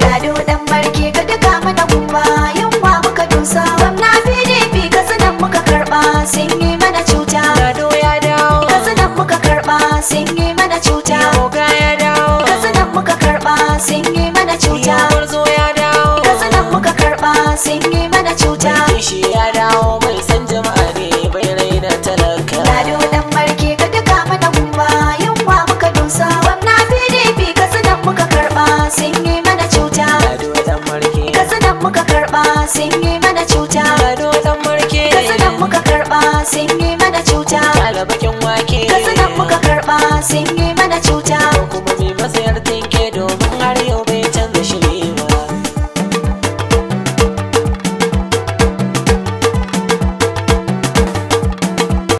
Lado ɗan barke ka duka mana kuma yunwa muka dusa Gwamna PDP ka sanan muka karba sun yi mana cuta Lado ya dawo ka sanan muka karba sun yi mana cuta Yoga ya dawo ka sanan muka karba sun yi mana cuta Yawar zo ya dawo ka sanan muka karba sun yi mana cuta Kishi ya dawo boca